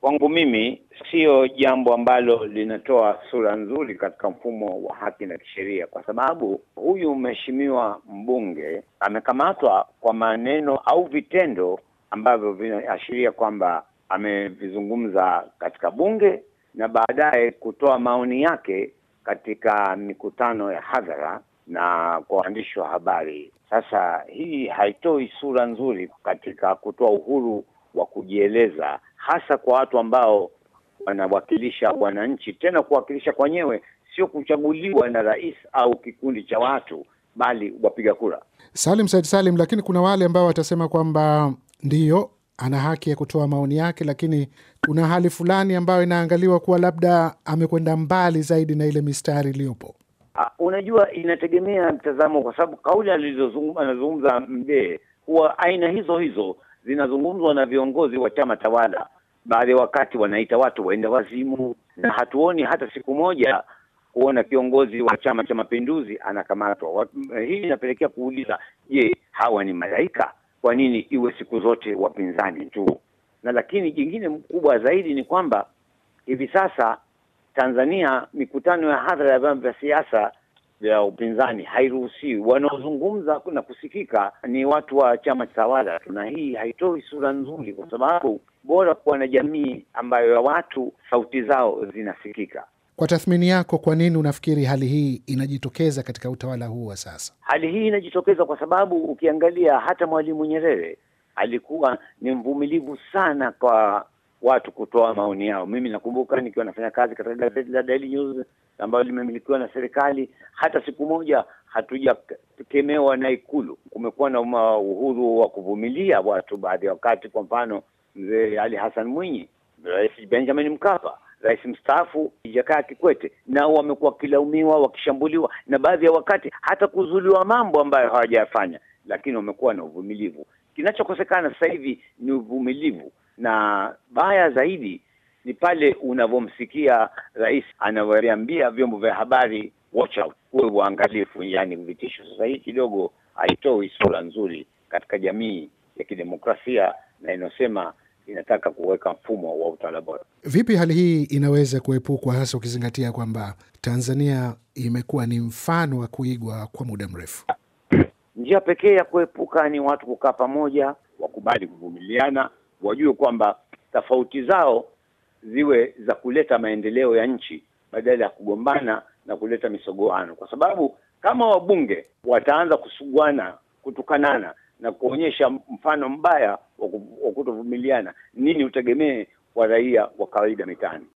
kwangu mimi sio jambo ambalo linatoa sura nzuri katika mfumo wa haki na kisheria, kwa sababu huyu mheshimiwa mbunge amekamatwa kwa maneno au vitendo ambavyo vinaashiria kwamba amevizungumza katika bunge na baadaye kutoa maoni yake katika mikutano ya hadhara na kwa waandishi wa habari. Sasa hii haitoi sura nzuri katika kutoa uhuru wa kujieleza hasa kwa watu ambao wanawakilisha wananchi, tena kuwakilisha kwenyewe, sio kuchaguliwa na rais au kikundi cha watu, bali wapiga kura. Salim Said Salim, lakini kuna wale ambao watasema kwamba ndiyo ana haki ya kutoa maoni yake, lakini kuna hali fulani ambayo inaangaliwa kuwa labda amekwenda mbali zaidi na ile mistari iliyopo. Ah, unajua, inategemea mtazamo, kwa sababu kauli anazungumza Mdee huwa aina hizo hizo zinazungumzwa na viongozi wa chama tawala baadhi ya wakati wanaita watu waenda wazimu, na hatuoni hata siku moja kuona kiongozi wa Chama cha Mapinduzi anakamatwa. Hii inapelekea kuuliza, je, hawa ni malaika? Kwa nini iwe siku zote wapinzani tu? Na lakini jingine mkubwa zaidi ni kwamba hivi sasa Tanzania mikutano ya hadhara ya vyama vya siasa vya upinzani hairuhusiwi. Wanaozungumza na kusikika ni watu wa chama tawala tu, na hii haitoi sura nzuri, kwa sababu bora kuwa na jamii ambayo ya watu sauti zao zinasikika. Kwa tathmini yako, kwa nini unafikiri hali hii inajitokeza katika utawala huu wa sasa? Hali hii inajitokeza kwa sababu ukiangalia hata Mwalimu Nyerere alikuwa ni mvumilivu sana kwa watu kutoa maoni yao. Mimi nakumbuka nikiwa nafanya kazi katika gazeti la Daily News ambayo limemilikiwa na serikali, hata siku moja hatujakemewa na Ikulu. Kumekuwa na uhuru wa kuvumilia watu baadhi ya wakati, kwa mfano mzee Ali Hassan Mwinyi, Rais Benjamin Mkapa, rais mstaafu Jakaya Kikwete, nao wamekuwa wakilaumiwa, wakishambuliwa na baadhi ya wakati hata kuzuliwa mambo ambayo hawajayafanya, lakini wamekuwa na uvumilivu. Kinachokosekana sasa hivi ni uvumilivu, na baya zaidi ni pale unavyomsikia rais anawaambia vyombo vya habari watch out, uwe yani vitisho. Sasa hii kidogo haitoi sura nzuri katika jamii ya kidemokrasia na inayosema inataka kuweka mfumo wa utawala bora. Vipi hali hii inaweza kuepukwa, hasa ukizingatia kwamba Tanzania imekuwa ni mfano wa kuigwa kwa muda mrefu? Njia pekee ya kuepuka ni watu kukaa pamoja, wakubali kuvumiliana, wajue kwamba tofauti zao ziwe za kuleta maendeleo ya nchi badala ya kugombana na kuleta misogoano, kwa sababu kama wabunge wataanza kusuguana, kutukanana na kuonyesha mfano mbaya wa kutovumiliana, nini utegemee kwa raia wa kawaida mitaani?